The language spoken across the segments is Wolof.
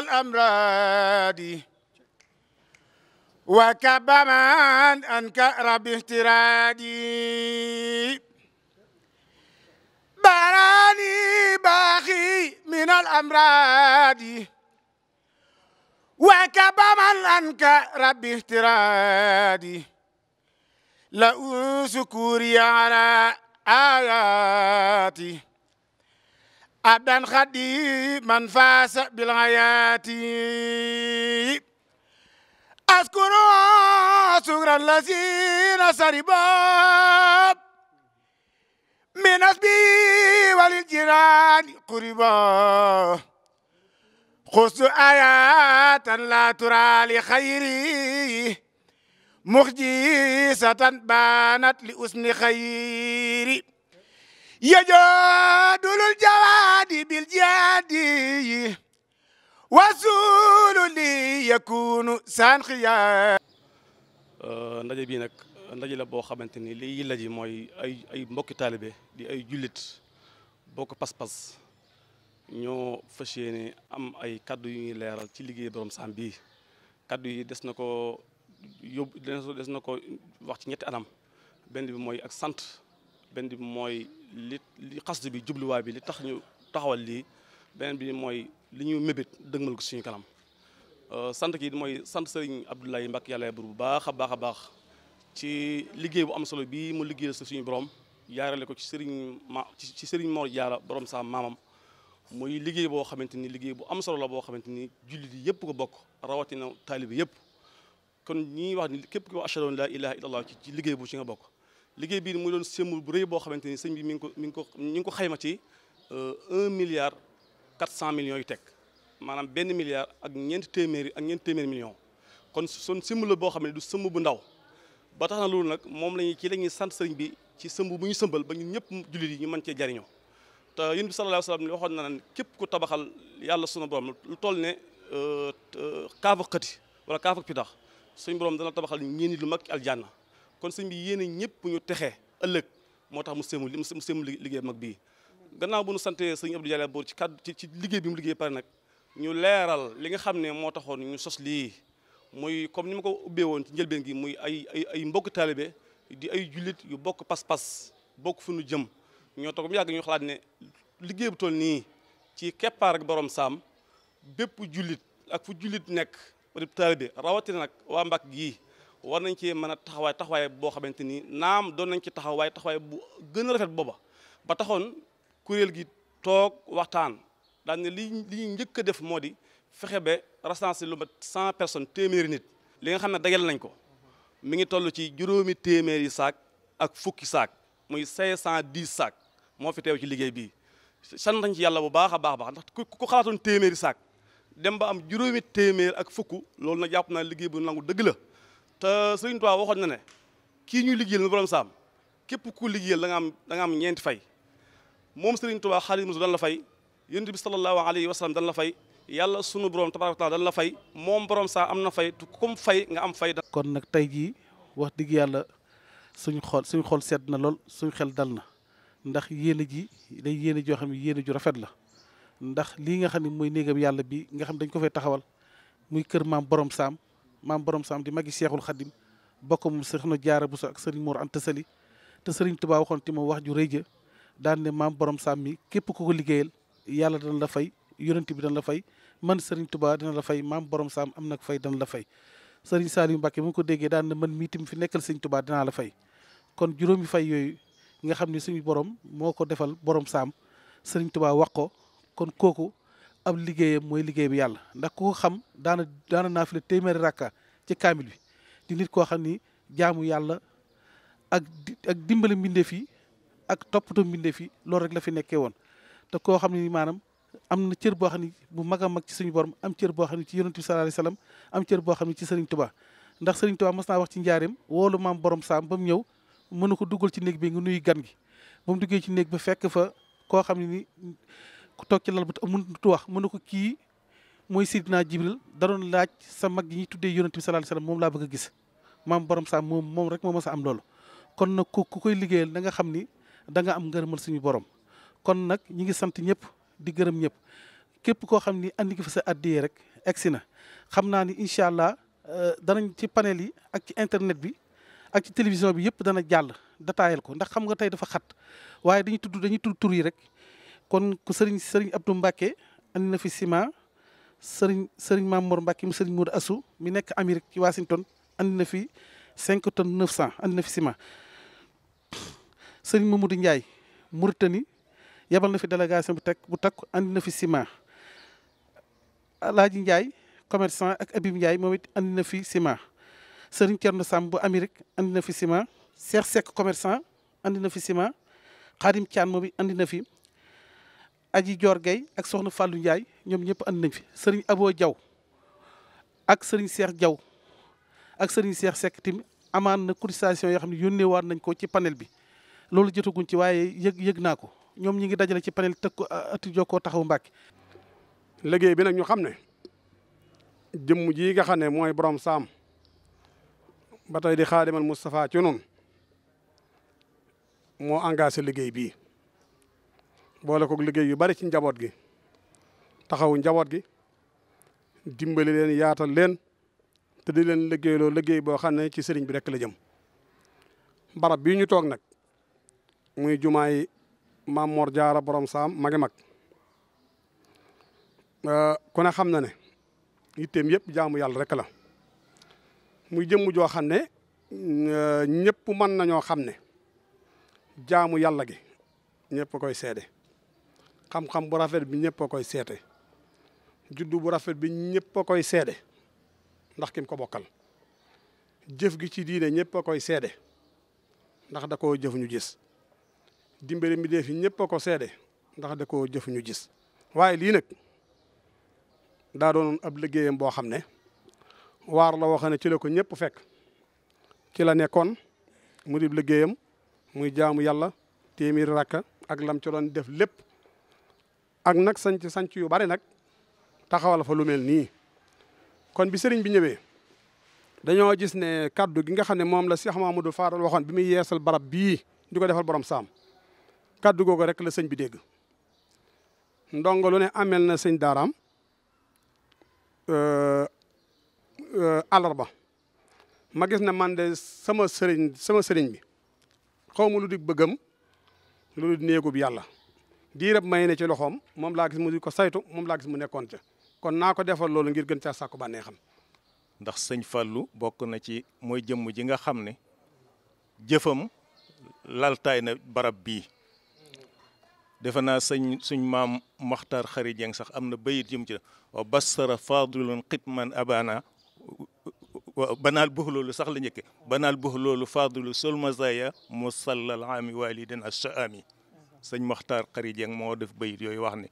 الأمراض وكب من أنكر بافترادي براني باخي من الأمراض وكب من أنكر بافترادي لأوس كوري على آياتي abdan khadiman fasa bil hayati askuru sugran lazina saribab min asbi walil jirani quriba خذ آيات لا ترى لخيري مخجسة بانت لأسن خيري يجادل الجواد بالجاد وسول لي يكون سانخيا ndaje bii nag ndaje la boo xamante ni li yilla ji mooy ay ay mbokki taalibe di ay jullit bokk pas-pas ñoo fas yéene am ay kaddu yu ñuy leeral ci liggéey borom saam bii kaddu yi des na ko yóbbu des na ko wax ci ñetti anam benn bi mooy ak sant benn bi mooy li li bi jubluwaay bi li tax ñu taxawal lii beneen bi mooy li ñu mébét dëgmal ko suñu kanam euh, sant gi mooy sant Serigne Abdoulaye Mbacké yàlla bur bu baax a baax a baax ci liggéey bu am solo bii mu liggéeyal suñu borom jaarale ko ci Serigne ma ci Serigne Mor Diarra borom sa maamam muy liggéey boo xamante ni liggéey bu am solo la boo xamante ni jullit yi yëpp ko bokk rawatina taalibe yëpp kon ñi wax ni képp ko ashhadu an la ilaha illallah ci liggéey bu ci nga bokk liggéey bii mu doon sémbul bu rëy boo xamante ni sëñ bi mi ngi ko mi ngi ko ngi ko xayma ci euh, un milliard quatre cent millions yu teg maanaam benn milliard ak ñeenti téeméeri ak ñeenti téeméeri millions kon son sémb la boo xam ne du sëmb bu ndaw ba tax na loolu nag moom lañuy ci la sant sëriñ bi ci sëmb bu ñu sëmbal ba ñu ñëpp jullit yi ñu mën cee jariñoo te yéen bi sallallahu alayhi wa waxoon na ne képp ku tabaxal yàlla sunu borom lu toll ne euh, euh, kaaf ak xëti wala kaaf ak pitax suñu borom dana tabaxal ñeen lu mag ci aljanna kon sëñ bi yéene ñëpp ñu texe ëllëg moo tax mu séemu mu séemu liggéey mag bii gannaaw bu nu santee sa Abdou Diallo Boor ci kàddu ci liggéey bi mu liggéey pare nag ñu leeral li nga xam ne moo taxoon ñu sos lii muy comme ni ma ko ubbee woon ci njëlbeen gi muy ay ay ay di ay jullit yu bokk pas-pas bokk fu ñu jëm ñoo toog mu yàgg ñu xalaat ne liggéey bu toll nii ci keppaar ak borom saam bépp jullit ak fu jullit nekk taalibe rawatina nag waa Mbàkke gii war nañ cee mën a taxawaay taxawaay boo xamante ni naam doon nañ ci taxaw waaye taxawaay bu gën a rafet booba ba taxoon kuréel gi toog waxtaan daan ne li li ñuy njëkk a def moo di fexe ba recensé lu mat cent personnes téeméeri nit li nga xam ne dajal nañ ko mu ngi toll ci juróomi téeméeri saak ak fukki saak muy cinq cent dix saak moo fi teew ci liggéey bii sant nañ ci yàlla bu baax a baax baax ndax ku ko xalaatoon téeméeri saak dem ba am juróomi téeméer ak fukk loolu na jàpp naa liggéey bu nangu dëgg la te Sëriñ Tuubaa waxoon na ne kii ñuy liggéeyal na borom saam képp ku liggéeyal da nga am da am ñeenti fay moom Sëriñ Tuubaa xaalis musu dan la fay yonent bi sallallahu alayhi wa sallam dan la fay yàlla sunu borom tabaaraka taala dan la fay moom borom saa am na fay comme fay nga am fay. kon nag tey jii wax dëgg yàlla suñu xol suñu xool sedd na lool suñ xel dal na ndax yéene ji day yéene joo xam ne yéene ju rafet la ndax lii nga xam ne mooy néegam yàlla bi nga xam dañ ko fay taxawal muy kër maam borom saam. maam borom saam di magi seexul xadim bokk mu soxna jaara bu so ak sëriñ Mor Anta Sali te sëriñ tubaa waxoon ti moom wax ju rëy ja daan ne maam borom saam mi képp ku ko liggéeyal yàlla dana la fay yonent bi dana la fay man sëriñ Tuubaa dina la fay maam borom saam am nag fay dana la fay sëriñ Saliou Mbacké mu ko déggee daan ne man mii tim fi nekkal sëriñ Tuubaa dinaa la fay kon juróomi fay yooyu nga xam ne suñu borom moo ko defal borom saam sëriñ tubaa wax ko kon kooku ab liggéeyam mooy liggéey bi yàlla ndax ku ko xam daana daana naafila téeméeri rakka ci kaamil bi di nit koo xam ni jaamu yàlla ak ak dimbali mbindeef yi ak toppatoo mbindeef yi loolu rek la fi nekkee woon te koo xam ne maanaam am na cër boo xam ne bu mag a mag ci suñu borom am cër boo xam ne ci yonent bi sallallahu alayhi wasallam am cër boo xam ne ci Serigne Touba ndax Serigne Touba mas naa wax ci njaareem woolu maam borom saam ba mu ñëw mënu ko duggal ci néeg bi nga nuy gan gi ba duggee ci néeg ba fekk fa koo xam ne ni ku toog ci lal ba mënut wax mën na ko kii mooy Sidina Jibril da daroon laaj sa mag ñi tuddee yonent bi sallallahu alayhi wasallam moom laa bëgg a gis maam borom saa moom moom rek moo ma sa am loolu. kon nag ku ku koy liggéeyal da nga xam ni da nga am ngërëmal suñu borom kon nag ñi ngi sant ñëpp di gërëm ñëpp képp koo xam ni andi nga fa sa addiyee rek egsi na xam naa ni incha allah euh, danañ ci panel yi ak ci internet bi. ak ci télévision bi yëpp dana jàll dataayal ko ndax xam nga tey dafa xat waaye dañuy tudd dañuy tudd tur yi rek kon ku sëriñ sëriñ Abdou Mbacke andi na fi ciment sëriñ sëriñ Mamour Mbacke mu sëriñ Modou Assou mi nekk Amérique ci Washington andi na fi cinq tonnes neuf cent andi na fi ciment sëriñ Mamadou Ndiaye Mauritanie yabal na fi délégation bu teg bu takk andi na fi ciment Alaaji Ndiaye commerçant ak Abib Ndiaye moom it andi na fi ciment sëriñ Thierno Samb bu Amérique andi fi ciment Cheikh Seck commerçant andi na fi ciment Khadim Thian moom it andi na fi. aji joor Gueye ak soxna fallu Ndiaye ñoom ñëpp ànd nañ fi sëriñ Abo jaw ak sëriñ Cheikh Diaw ak sëriñ Cheikh Seck tamit amaan na cotisation yoo xam ne yónnee waat nañ ko ci panel bi loolu jotaguñ ci waaye yëg yëg naa ko ñoom ñi ngi dajale ci panel tëkku ati jokkoo taxaw Mbàkke liggéey bi nag ñu xam ne jëmm ji nga xam ne mooy borom saam ba tey di xaadimal Moustapha ci noonu moo engagé liggéey bi boole kook liggéey yu bari ci njaboot gi taxawu njaboot gi dimbali leen yaatal leen te di leen liggéeyloo liggéey boo xam ne ci sëriñ bi rek la jëm barab bii ñu toog nag muy jumaay maam Mor Jaara borom saam magi mag euh, ku xam na ne yitteem yëpp jaamu yàlla rek la muy jëmm joo xam ne euh, ñëpp mën nañoo xam ne jaamu yàlla gi ñëpp koy seede xam-xam bu rafet bi ñëpp koy seete juddu bu rafet bi ñëpp koy seede ndax kim ko bokkal jëf gi ci diine ñëpp a koy seede ndax da koo jëf gis dimbali mi dee ñëpp a ko seede ndax da koo jëf ñu gis waaye lii nag daa doon ab liggéeyam boo xam ne waar la waxee ne ci la ko ñëpp fekk ci la nekkoon mu di liggéeyam muy jaamu yàlla téeméeri rakka ak lam ci doon def lépp ak nag sanc sanc yu bari nag taxawal fa lu mel nii kon bi sëriñ bi ñëwee dañoo gis ne kaddu gi nga xam ne moom la du Mamadou Fadal waxoon bi muy yeesal barab bii di ko defal borom saam kaddu googu rek la sëñ bi dégg ndongo lu ne amel na sëñ daaraam alarba euh, euh, ma gis ne man de sama sëriñ sama sëriñ bi xaw ma lu di bëggam lu di néegub yàlla diirab may ne ci loxoom moom laa gis mu di ko saytu moom laa mu nekkoon ca kon naa ko defal loolu ngir gën caa sàkku bànnee ndax sëñ Fallou bokk na ci mooy jëmm ji nga xam ne jëfam laltaay na barab bii defe naa sëñ suñ maam Maxtaar Xari Jeng sax am na bayit jëm ci wa bassara fadilun xitman abana banaal bux loolu sax la njëkke banaal bux loolu fadilu sol mazaya musallal ami walidin ashaami sëñ Maxtaar Xari Jeng moo def bayit yooyu wax ni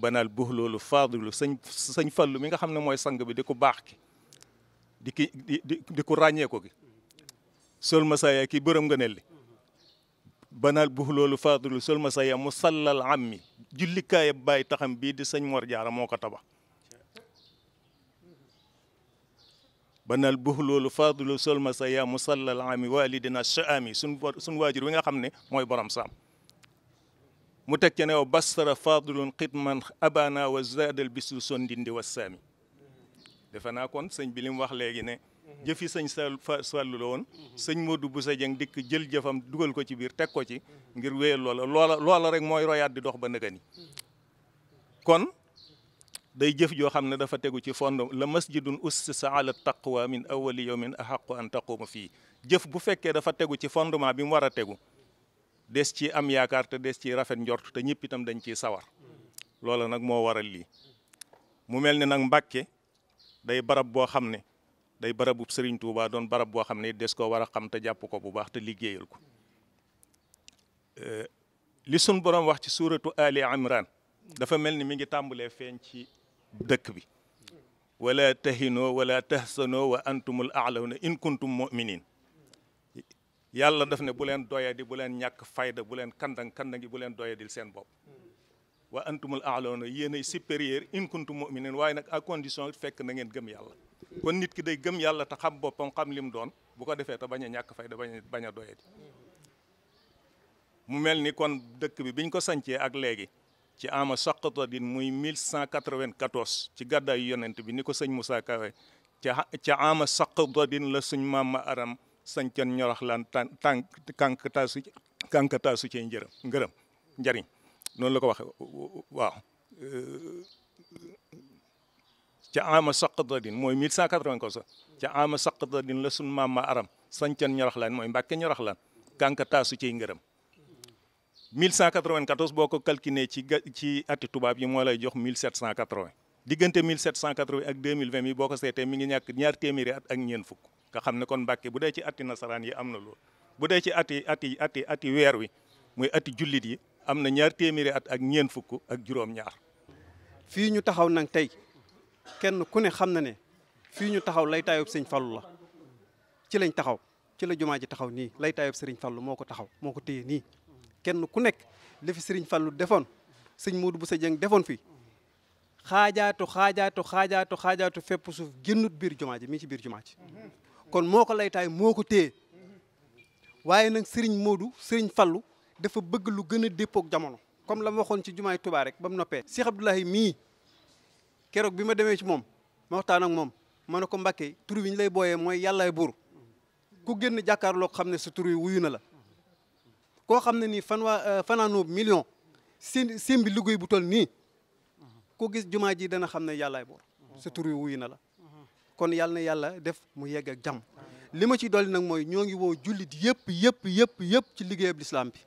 banaal buux loolu faadilu sëñ sëñ fallu mi nga xam ne mooy sang bi di ku baax ki di ki di ko ràññee ko gi sol masaya kii bërëm nga nelli banaal buux loolu faadilu sol masaya mu sallal am mi jullikaaya bàyyi taxam bii di sëñ Mor Jaara moo ko tabax banal buxloolu faadulu sol masaya musallal ami walidina shaami suñ suñ waajur wi nga xam ne mooy borom saam mu teg ca ne wa bassara fadilun xidman abana wa zaadal bisu son dindi wa saami defe naa kon sëñ bi li wax léegi ne jëfi sëñ Fallu la woon sëñ Modou Bousso Dieng dikk jël jëfam dugal ko ci biir teg ko ci ngir wéyal loola loola rek mooy royaat di dox ba nëgani kon day jëf joo xam ne dafa tegu ci fondam la masjidun sa ala taqwa min awali yawmin ahaqu an taquuma fii jëf bu fekkee dafa tegu ci fondement bi mu war a tegu des ci am yaakaar te des ci rafet njort te ñëpp itam dañ ciy sawar loola nag moo waral lii mu mel ni nag Mbàkke day barab boo xam ne day barabub Sëriñ Tuubaa doon barab boo xam ne des ko war a xam te jàpp ko bu baax te liggéeyal ko li sun borom wax ci suuratu Ali Imran dafa mel ni mi ngi tàmbalee feeñ ci dëkk bi wala tahinoo wala tahsanoo wa antumul aalawna in kuntum muminin yàlla def ne bu leen doye bu leen ñàkk fayda bu leen kandang kandangi bu leen doye di seen bopp wa antumul aalona yéen ay supérieur in kuntum muminin waaye nag à condition fekk na ngeen gëm yàlla kon nit ki day gëm yàlla te xam boppam xam lim doon bu ko defee te bañ a ñàkk fayda bañ bañ a doye mel ni kon dëkk bi biñ ko sancee ak léegi ci ama saqatadin muy 1194 ci gàddaayu yonent bi ni ko sëñ Moussa Kawe ca ca ama saqatadin la suñ maam ma aram sañcan ñorax laan tan tànk kànkataasu kànkataasu cee njërëm ngërëm njariñ noonu la ko waxe waaw ca ama saqdadin mooy 1194 ca ama saqdadin la sun maam ma aram sañcan ñorax laan mooy mbàkke ñorax laan kànkataasu cee ngërëm 1194 boo ko calculé ci ci ati tubaab yi moo lay jox 1780 diggante 1780 ak 2020 mi boo ko seetee mi ngi ñàkk ñaar téeméeri at ak ñeen fukk nga xam ne kon Mbàkke bu dee ci atti nasaraan yi am na loolu bu dee ci atti atti atti atti weer wi mooy ati jullit yi am na ñaar téeméeri at ak ñeen fukk ak juróom-ñaar. fii ñu taxaw nag tey kenn ku ne xam na ne fii ñu taxaw lay taayub sëñ Fallu la ci lañ taxaw ci la jumaa ji taxaw nii lay taayub sëriñ Fallu moo ko taxaw moo ko téye nii kenn ku nekk li fi Fallu defoon sëñ Moodu bu sa jëng defoon fii. xaajaato xaajaatu xaajaato xaajaatu fépp suuf génnut biir jumaa ji mi ci biir jumaa kon moo ko lay laytaay moo ko téye waaye nag sëriñ Modou sëriñ Fallu dafa bëgg lu gën a déppoog jamono comme la ma waxoon ci jumaay tubaa rek ba mu noppee Cheikh Abdoulahi mii keroog bi ma demee ci moom ma waxtaan moom ma ne ko Mbàkke tur wi ñu lay booyee mooy yàllaay buur ku génn jàkkaarloo xam ne sa tur wi wuyu na la koo xam ne nii fan euh, fanaanoo million seen seen bi liggéey bu ku gis jumaa ji dana xam ne yàllaay boor sa tur wi na la kon yàlla na yàlla def mu yegg ak jàmm li ma ci dolli nag mooy ñoo ngi woo jullit yëpp yëpp yëpp yëpp ci liggéeyab lislaam bi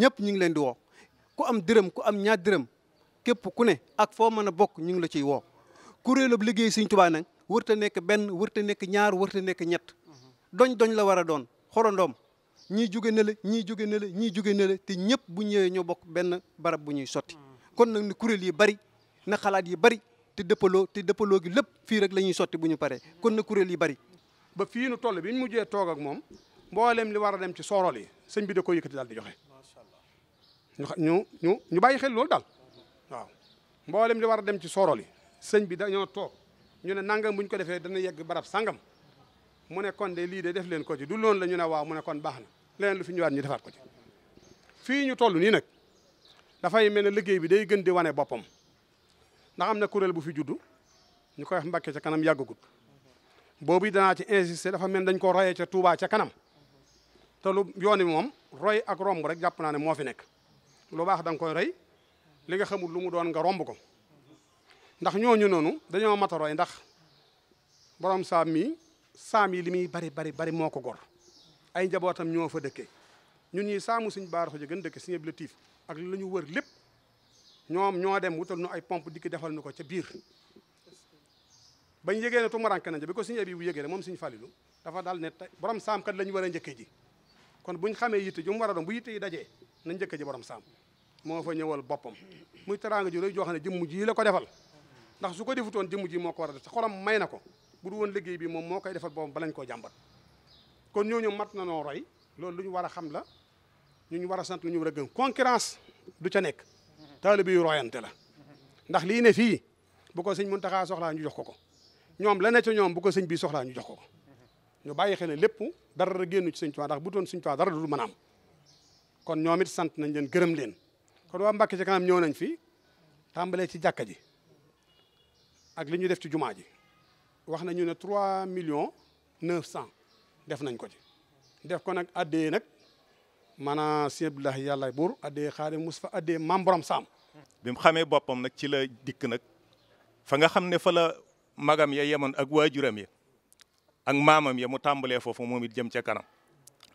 ñëpp ñu ngi leen di woo ku am dërëm ku am ñaar dërëm képp ku ne ak foo mën a bokk ñu ngi la ciy woo kuréelub liggéey Sëñ Tuubaa nag wërta nekk benn wërta nekk ñaar wërta nekk ñett doñ doñ la war a doon xorondoom ñii jóge na ñi ñii jóge na la ñii jóge te ñëpp bu ñëwee ñoo bokk benn barab bu ñuy sotti kon bari na xalaat yi bari te dëppaloo te dëppaloo gi lépp fii rek lañuy ñuy sotti bu ñu paree kon na kuréel yi bari. ba fii nu toll bi ñu mujjee toog ak moom mboolem li war a dem ci soorol yi sëñ bi da ko yëkkati daal di joxe ñu ñu ñu bàyyi xel loolu daal waaw mboolem li war a dem ci soorol yi sëñ bi dañoo toog ñu ne nangam bu ko defee dana yegg barab sangam mu ne kon de lii de def leen ko ci du loon la ñu ne waaw mu ne kon baax na leneen lu fi ñu ñëwaat ñu defaat ko ci fii ñu toll nii nag dafay mel ne liggéey bi day gën di wane boppam ndax am na kuréel bu fi juddu ñu koy wax Mbàkke ca kanam yàggagut boobu danaa ci insister dafa mel dañ koo royee ca Touba ca kanam te lu yoon wi moom roy ak romb rek jàpp naa ne moo fi nekk lu baax da nga koy roy li nga xamul lu mu doon nga romb ko ndax ñooñu noonu dañoo mat a roy ndax boroom saam mi saam yi li muy bari bari bari moo ko gor ay njabootam ñoo fa dëkkee ñu ñii saamu suñ baar ji gën dëkke si ñëpp la tiif ak la ñu wër lépp ñoom ñoo dem wutal nu ay pompe dikk defal nu ko ca biir bañ yégee ne tumuranke nañ bi ko suñu abi bu yégee ne moom suñu fàlilu dafa daal ne borom saamkat la ñu war a njëkkee ji kon buñ xamee yitte ju mu war a doon bu yitte yi dajee nañ njëkkee ji borom saam moo fa ñëwal boppam muy teraanga ju rëy joo xam ne jëmm ji la ko defal ndax su ko defutoon jëmm ji moo ko war a def te xolam may na ko bu du woon liggéey bi moom moo koy defal boppam balañ koo jàmbat kon ñooñu mat na noo loolu lu ñu war a xam la ñu ñu war sant lu ñu war a gën concurrence du ca nekk taalibe yu royante la ndax lii ne fii bu ko sëñ Muntaxa soxlaa ñu jox ko ko ñoom la ne ca ñoom bu ko sëñ bi soxlaa ñu jox ko ko ñu bàyyi xel ne lépp dara génnu ci sëñ Tuubaa ndax bu doon sëñ Tuubaa dara du mën a kon ñoom it sant nañ leen gërëm leen kon waa Mbàkke ci kanam ñëw nañ fi tàmbalee ci jàkka ji ak li ñu def ci jumaa ji wax nañu ne 3 millions 900 def nañ ko ci def ko nag a nag maanaam sëñ Abdoulahi yàlla buur addee xaadim Mustafa addee maam borom saam bi xamee boppam nag ci la dikk nag fa nga xam ne fa la magam ya yeman ak waajuram yi ak maamam ya mu tàmbalee foofu moom it jëm ca kanam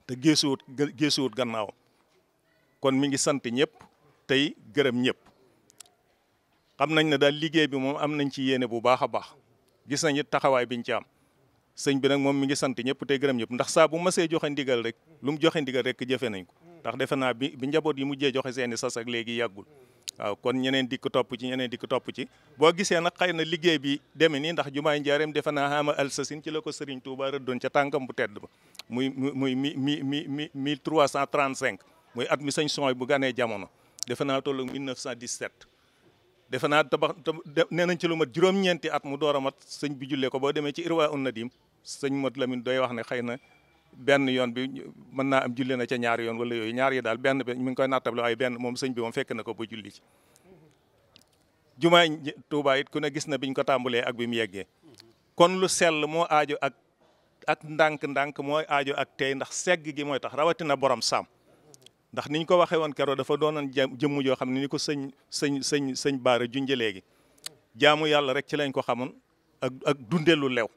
te geesuwut geesuwut gannaawam kon mi ngi sant ñëpp tey gërëm ñëpp xam nañ ne daal liggéey bi moom am nañ ci yéene bu baax a baax gis nañu taxawaay biñ ci am sëñ bi nag moom mi ngi sant ñëpp tey gërëm ñëpp ndax saa bu masee joxe ndigal rek lu joxe ndigal rek jëfe nañ ko ndax defe naa bi bi njaboot yi mujjee joxe seeni sas ak léegi yàggul waaw kon ñeneen dikk topp ci ñeneen dikk topp ci boo gisee na xëy na liggéey bi demee nii ndax jumaay njaareem defe na naa xaama alsasin ci la ko Serigne Touba rëddoon ca tànkam bu tedd ba muy muy mi mi mi mi mille trois cent trente cinq muy at mi sëñ sooy bu ganee jamono defe naa tollu 1917 defe naa tabax nee nañ ci lu mat juróom-ñeenti at mu door a mat sëñ bi julle ko boo demee ci irwa un nadim sëñ Mat Lamin doy wax ne xëy na benn yoon bi mën naa am julli na ca ñaari yoon wala yooyu ñaar yi daal benn bi mi ngi koy nattable waaye benn moom sëñ bi moom fekk na ko ba julli ci jumaay Tuubaa ku ne gis na biñ ko tàmbalee ak bi mu yeggee kon lu sell moo aajo ak ak ndànk-ndànk mooy aajo ak tey ndax segg gi mooy tax rawatina borom saam ndax niñ ñu ko waxee woon keroog dafa doonoon jëmm joo xam ne ni ko sëñ sëñ sëñ sëñ baara junjë léegi jaamu yàlla rek ci lañ ko xamoon ak dundelu lew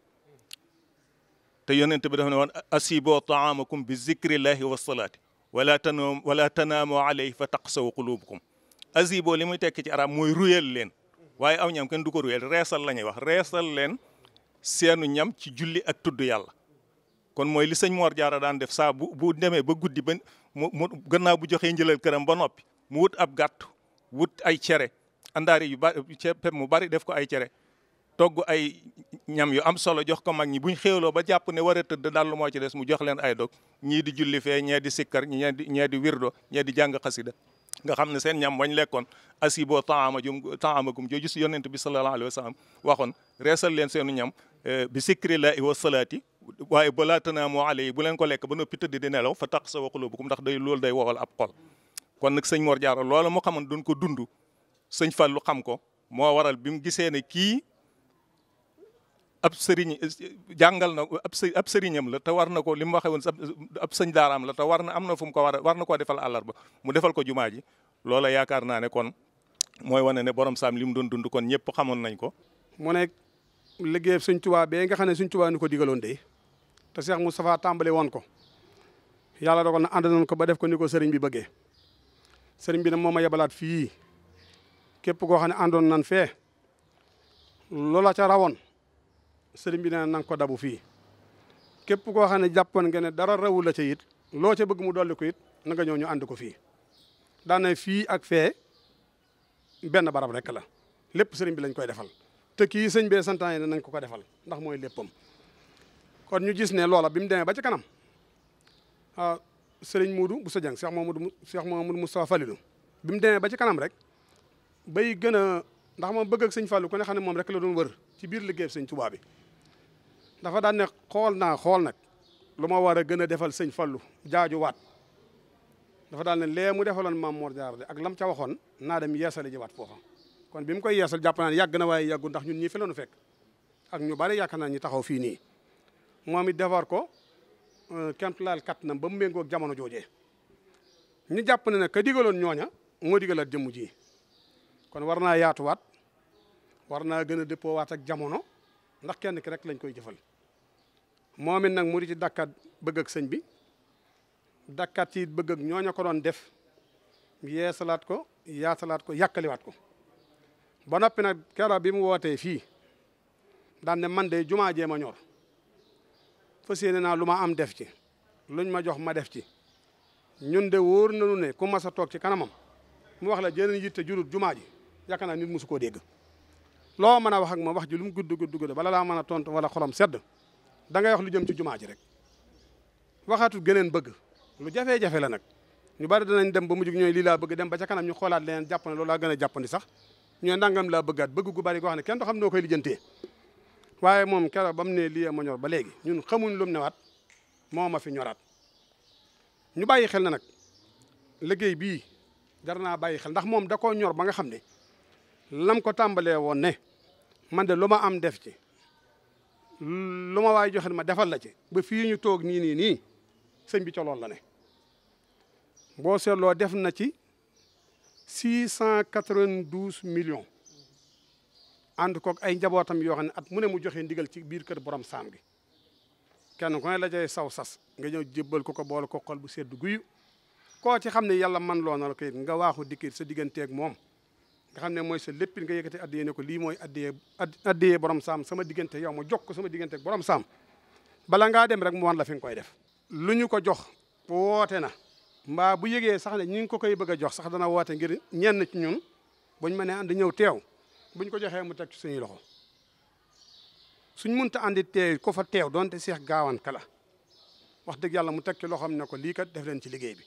te yonent bi dafa ne woon asibo taamakum bi zikrillahi wa salaati wala tanaam wala tanaamu alayhi fa taqsaw qulubukum asibo li muy tekki ci arab mooy leen waaye aw ñam kenn du ko ruyal reesal la ñuy wax reesal leen seenu ñam ci julli ak tudd yàlla kon mooy li sëñ Mor Diarra daan def saa bu bu demee ba guddi ba mu mu gannaaw bu joxee njëlal këram ba noppi mu wut ab gàtt wut ay cere andaari yu bari ceeb mu bari def ko ay cere togg ay ñam yu am solo jox ko mag ñi buñ xéewloo ba jàpp ne war a tëdd moo ci des mu jox leen ay dog ñii di julli fee ñee di sikkar ñee di ñee di wirdo ñee di jàng xasida nga xam ne seen ñam wañ lekkoon asibo taama jum taama gum jooju si yonent bi sallallahu alayhi wa sallam waxoon leen seenu ñam eh, bi sikri la wa salaati waaye balaa tanaamu alay bu leen ko lekk ba noppi tëdd di nelaw fa taq sa qulubukum ndax day loolu day wowal ab xol kon nag sëñ Mor Diarra loola moo xamoon doon ko dund sëñ Fallou xam ko moo waral bi mu gisee ne kii ab sëriñ jàngal na ab së ab la te war na ko li mu waxee woon ab sëñ daaraam la te war na am na fu mu ko war a war na koo defal ba mu defal ko jumaa ji loola yakaar naa ne kon mooy wane ne borom saam li mu doon dund kon ñëpp xamoon nañ ko. mu nekk liggéeyam suñ Tuubaa bee nga xam ne suñ Tuubaa ni ko digaloon de te Cheikh Moustapha tàmbali woon ko yàlla dogal na ànd nañ ko ba def ko ni ko sëriñ bi bëggee sëriñ bi nag moo ma yebalaat fii képp koo xam ne àndoon nan fee loola ca rawoon sëriñ bi na nga ko dabu fii képp koo xam ne jàppoon nga ne dara rawul la ca it loo ce bëgg mu dolli ko it na ñëw ñu ànd ko fii daana fii ak fee benn barab rek la lépp sëriñ bi lañ koy defal te kii sëñ bee santaane nañ ko ko defal ndax mooy léppam kon ñu gis ne loola bi mu demee ba ci kanam ah sëriñ Muudu bu sa jàng Cheikh Mamadou Cheikh Mamadou Moustapha Falilou bi mu demee ba ci kanam rek bay gën a ndax moom bëgg sëñ Fallou ku ne xam ne moom rek la doon wër ci biir liggéey sëñ Tuubaa bi dafa daan ne xool naa xool nag lu ma war a gën a defal sëñ Fallou jaajuwaat dafa daal ne lee mu defaloon maam Mor Diarra de ak lam ca waxoon naa dem yeesali jiwaat foofa kon bi mu koy yeesal jàpp naa yàgg na waaye yàggu ndax ñun ñii fi fekk ak ñu bari yaakaar naa ñu taxaw fii nii moom it defar ko euh, kemtulaal kattanam ba mu méngoog jamono joojee ñu jàpp ne nag ka digaloon ñooña moo digalaat jëmm ji kon war naa yaatuwaat war naa gën a dëppoowaat ak jamono ndax kenn ki rek lañ koy jëfal moom it nag mu di dakkat bëgg ak sëñ bi dakkat yi bëgg ak ñooña ko doon def yeesalaat ko yaasalaat ko yàkkaliwaat ko ba noppi nag keroog bi mu wootee fii daan ne man de jumaa jee ma ñor fas yéene naa lu ma am def ci luñ ma jox ma def ci ñun de na lu ne ku mas a toog ci kanamam mu wax la jëneen yitte jurut jumaa ji yaakaar naa nit mosu koo dégg loo man a wax ak moom wax ji lu mu gudd gudd gudd bala laa mën a tontu wala xolom sedd da ngay lu jëm ci jumaa ji rek waxaatul gëneen bëgg lu jafe-jafe la nag ñu bari danañ dem ba mujj ñooy lii laa bëgg dem ba ca ñu xoolaat leneen jàpp ne loolu laa gën a jàppandi sax ñooy ndàngam laa bëggaat bëgg gu bari koo xam ne kenn du xam noo koy lijjantee waaye moom keroog ba mu nee lii ma ñor ba léegi ñun xamuñ lu ne wat moo ma fi ñoraat ñu bàyyi xel na nag liggéey bii jar naa bàyyi xel ndax moom da koo ñor ba nga xam ne lam ko tàmbalee woon ne man de lu ma am def ci lu ma waay joxe ma defal la ci ba fii ñu toog nii nii nii sëñ bi ca la ne boo seetloo def na ci six cent quatre-vingt-douze millions ànd kook ay njabootam yoo xam ne at mu ne mu joxe ndigal ci biir kër borom saam gi kenn ku ne la jay saw sas nga ñëw jébbal ko ko boole ko xol bu sedd guyu koo ci xam ne yàlla man loo na la ko it nga waaxu dikkir sa digganteeg moom nga xam ne mooy sa léppit nga yëkkati addiyee ne ko lii mooy addiyee addiyee borom saam sama diggante yow ma jox ko sama digganteeg borom saam bala ngaa dem rek mu wan la fi koy def lu ñu ko jox woote na mbaa bu yëgee sax ne ñi ngi ko koy bëgg a jox sax dana woote ngir ñenn ci ñun buñ mënee ànd ñëw teew buñ ko joxee mu teg ci suñuy loxo suñ munta andi tee ko fa teew donte seex gaawan kala wax dëgg yàlla mu teg ci loxoom ne ko lii kat def leen ci liggéey bi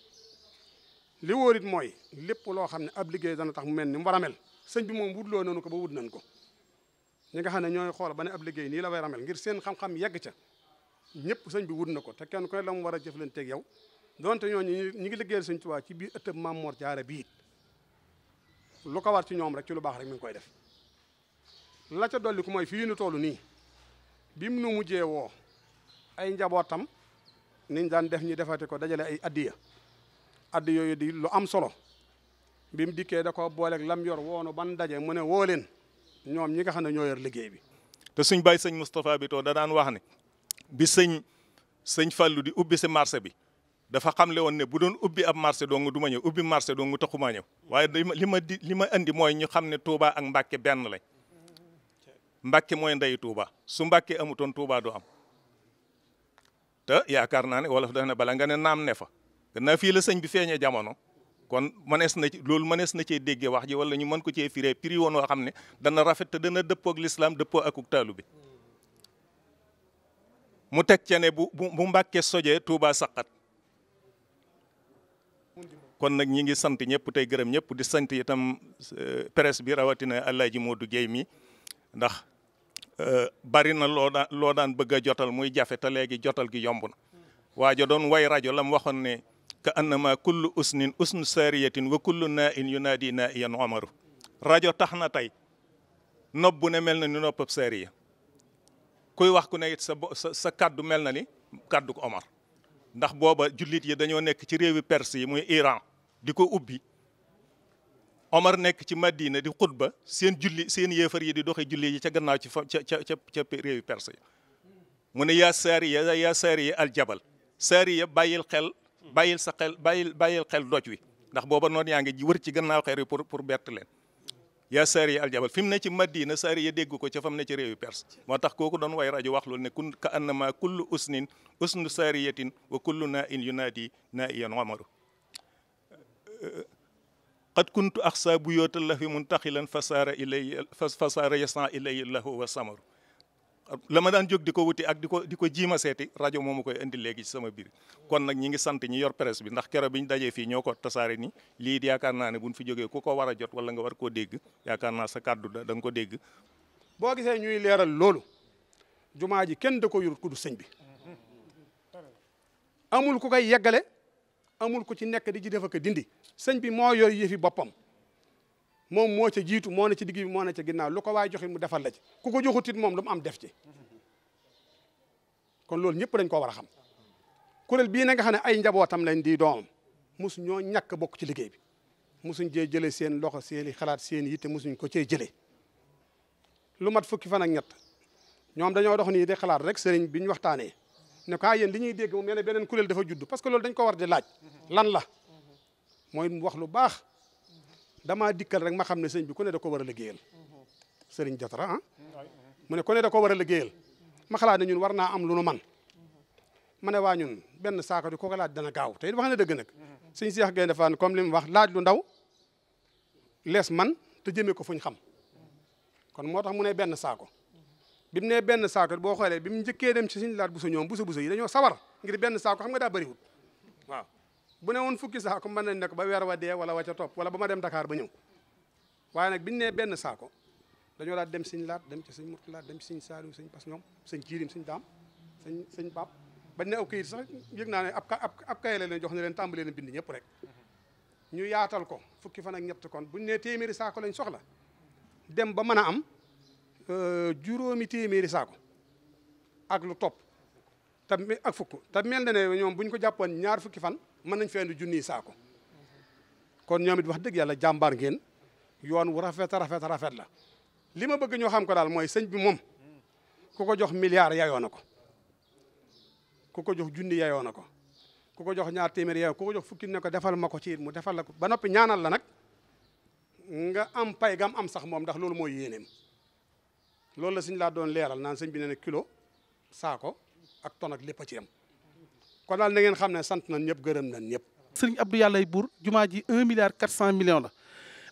li wóorit mooy lépp loo xam ne ab liggéey dana tax mu mel ni mu war sëñ bi moom wutloo nañu ko ba wut nañ ko ñi nga xam ne ñooy xool ba ne ab liggéey nii la war ngir seen xam-xam yegg ca ñëpp sëñ bi wut na ko te kenn ku ne la mu war a jëflanteeg yow donte ñooñu ñi ngi liggéey sëñ Tuubaa ci biir ëttëb Maam Mor Jaara bi lu ko war ci ñoom rek ci lu baax rek mi ngi koy def la ca dolliku mooy fii nu toll nii bim nu mujjee woo ay njabootam niñ daan def ñi defate ko dajale ay addiya addi yooyu di lu am solo bim dikkee da ko booleeg lam yor woonu ban daje mu ne woo leen ñoom ñi nga xam ne ñoo yor liggéey bi. te suñ bàyyi sëñ Moustapha bi too da daan wax ne bi sëñ sëñ Fallou di ubbi si marché bi dafa xam xamle woon ne bu doon ubbi ab marché dong du ma ñëw ubbi marché dong taxumaa ñëw waaye li ma di li ma indi mooy ñu xam ne tuubaa ak Mbacke benn lañ. mbakke mooy ndeyu Touba su Mbàkke amutoon Touba du am te yaakaar naa ne wolof da ne bala nga ne naam ne fa gannaaw fii la sëñ bi feeñee jamono kon mënees na ci loolu mënees na cee déggee wax ji wala ñu mën ko cee firee prix woon woo xam ne dana rafet te dana dëppoo ak lislaam dëppoo ak taalu bi mu teg ca ne bu bu Mbàkke sojee Touba saqat kon nag ñi ngi sant ñëpp tey gërëm ñëpp di sant itam euh, presse bi rawatina Alaaji moodu Guèye mi ndax euh, bari na loo daan loo daan bëgg a jotal muy jafe te léegi jotal gi yomb na waajo doon woy rajo la mu waxoon ne ka annama kullu usnin usnu sariyatin wa kullu naa in yunaadi naa iyan omaru rajo tax na tey nopp bu ne mel na ni noppab sariya kuy wax ku ne it sa sa kaddu mel na ni kaddu Omar ndax booba jullit yi dañoo nekk ci réewi Perse yi muy Iran di ko ubbi Omar nekk ci Madina di xutba seen julli seen yéefar yi di doxe julli yi ca gannaaw ci fa ca ca ca réewi perse yi mu ne yaa saariya yaa saariya aljabal saariya bàyyil xel bàyyil sa xel bàyyil bàyyil xel doj wi ndax booba noon yaa ngi wër ci gannaaw xeer yi pour pour bett leen yaa saariya aljabal fi mu ne ci Madina saariya dégg ko ca fam mu ne ci réewi perse moo tax kooku doon way rajo wax loolu ne kun ka annama kullu usnin usnu saariyatin wa kull na in yunaadi naa iyan omaru qad kuntu axsa bu yootal la fi muntaxilan fasaara ilay fasaara yasan ilay lahu wa samaru la ma daan jog di ko wuti ak di ko di ko jiima seeti rajo moomu koy indi léegi sama biir kon nag ñi ngi sant ñi yor presse bi ndax kero bi ñu dajee fi ñoo ko tasaare ni lii yaakaar naa ne bu buñ fi jogee ko ko war a jot wala nga war koo dégg yaakaar naa sa kàddu da nga ko dégg boo gisee ñuy leeral loolu jumaa ji kenn da ko yurut ku du sëñ bi amul ku koy yeggale amul ku ci nekk di ci def ak dindi sëñ bi moo yor yëfi boppam moom moo ca jiitu moo ne ci digg moo ne ca ginnaaw lu ko waay joxit mu defal la ci ku ko joxutit moom lu mu am def ci kon loolu ñëpp dañ koo war a xam kuréel bii na nga xam ne ay njabootam lañ di doomam mosu ñoo ñàkk bokk ci liggéey bi mosuñ jee jëlee seen loxo seeni i xalaat seen i yitte mosuñ ko cee jëlee lu mat fukki fan ak ñett ñoom dañoo dox nii de xalaat rek sëriñ bi ñu waxtaanee ne ko ah yéen li ñuy dégg moom nee na beneen kuréel dafa judd parce que loolu dañ ko war di laaj lan la mooy wax lu baax damaa dikkal rek ma xam ne sëñ bi ku ne da ko war a liggéeyal sëriñ jatara ah mu ne ku ne da ko war a liggéeyal ma xalaat ne ñun war naa am lu nu man ma ne waa ñun benn saako di ko ko laaj dana gaaw te it wax na dëgg nag sëñ Seex Gaynde Faatma comme li mu wax laaj lu ndaw lees man te jëmee ko fuñ xam kon moo tax mu ne benn saako bi mu benn saako boo xoolee bi mu njëkkee dem ci suñu laat busa ñoom busa busa yi dañoo sawar ngir benn saako xam nga daa bëriwul waaw bu ne woon fukki saako mën nañ ne ba weer wa dee wala wa ca topp wala ba ma dem Dakar ba ñëw waaye nag bi nee benn saako dañoo daal dem suñu laat dem ci suñ murtalaat dem ci suñ saaliw suñ pas ñoom suñ jiirim suñ daam suñ suñ pap bañ ne aw kayit sax yëg naa ne ab ab kaye la leen jox na leen tàmbalee leen bindi ñëpp rek ñu yaatal ko fukki fan ak ñett kon buñ ne téeméeri saako lañ soxla dem ba mën a am Euh, juróomi téeméeri saako ak lu topp te ak fukk te mel na ne ñoom buñ ko jàppoon ñaar fukki fan mën nañ fee junni junniy saako kon ñoom wax dëgg yàlla jàmbaar ngeen yoon wu rafet rafet rafet la li ma bëgg ñoo xam ko daal mooy sëñ bi moom ku ko jox milliard yayoo na ko ku ko jox junni yayoo na ko ku ko jox ñaar téeméer yayoo ku ko jox fukki ne ko defal ma ko ci mu defal la ko ba noppi ñaanal la nag nga am pay gam am sax moom ndax loolu mooy yéeneem lool la suñ laa doon leeral naan sëñ bi ne ne kilo saako ak ton ak lépp a ci am kon daal na xam ne sant nañ ñëpp gërëm nañ ñëpp. sëriñ Abdou Yàlla Buur jumaa ji un milliard quatre cent millions la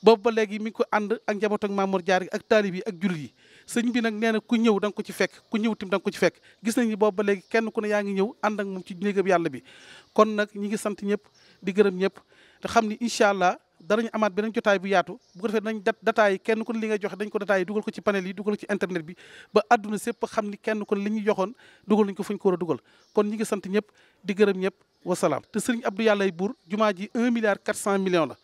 boobu ba léegi mi ngi ko ànd ak njaboot ak Mamour Diar gi ak taalib yi ak jullit sëñ bi nag nee ku ñëw da ko ci fekk ku ñëw tim da nga ko ci fekk gis nañ ni boobu ba kenn ku ne yaa ngi ñëw ànd ak moom ci néegam yàlla bi kon nag ñi ngi sant ñëpp di gërëm ñëpp danañ amaat beneen jotaay bu yaatu bu ko kenn kon ne li ngay joxe dañ ko dataay yi dugal ko ci panel yi dugal ko ci internet bi ba àdduna sépp xam ni kenn ku ne li ñu joxoon dugal nañ ko fu ñu ko war a dugal kon ñi ngi sant ñëpp di gërëm ñëpp wasalaam te sëriñ Abdou Yàllay Buur jumaa ji un milliard cent millions la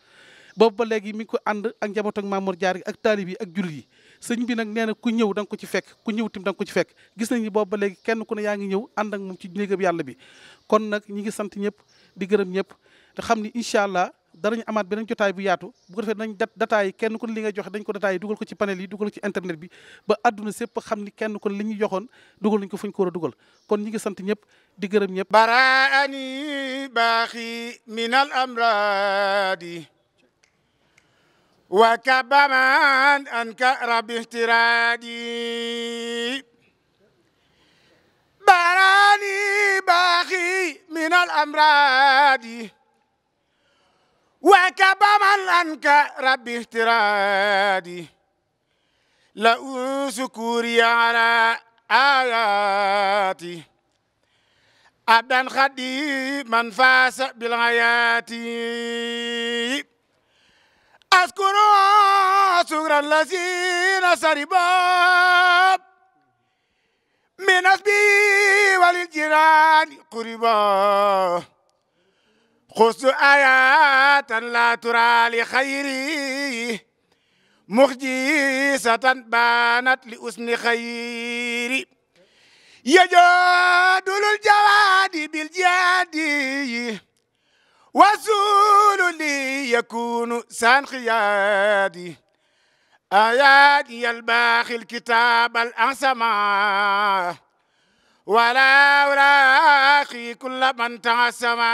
boobu ba léegi mi ngi ko ànd ak njaboot ak Mamour Diar ak taalib yi ak jullit yi sëñ bi nag nee na ku ñëw da ko ci fekk ku ñëw tim da ko ci fekk gis nañ boobu ba léegi kenn ku ne yaa ngi ñëw ànd ak moom ci néegam yàlla bi kon nag ñi ngi sant ñëpp di gërëm ñëpp te xam ni incha allah danañu amaat beneen jotaay bu yaatu bu ko defee danañ dataay kenn ku ne li ngay joxe dañ ko dataay dugal ko ci panel yi dugal ko ci internet bi ba àdduna sépp xam ni kenn ku ne li joxoon dugal nañ ko fuñ ko dugal kon ñi ngi sant ñëpp di gërëm ñëpp baraani baaxi min al amradi وكبما أنك ربي احترادي لأن شكوري على آياتي أبدا خدي من فاس بالغايات أذكر سكر الذين سربا من أسبي وللجيران قربا xustu ayatan la turali xayri muxjisatan banat li usni xayri yajadulul jawadi bil jadi wasulu li yakunu san xiyadi ayati yalbaxil kitab al ansama ولا ألاقي كل من تعسما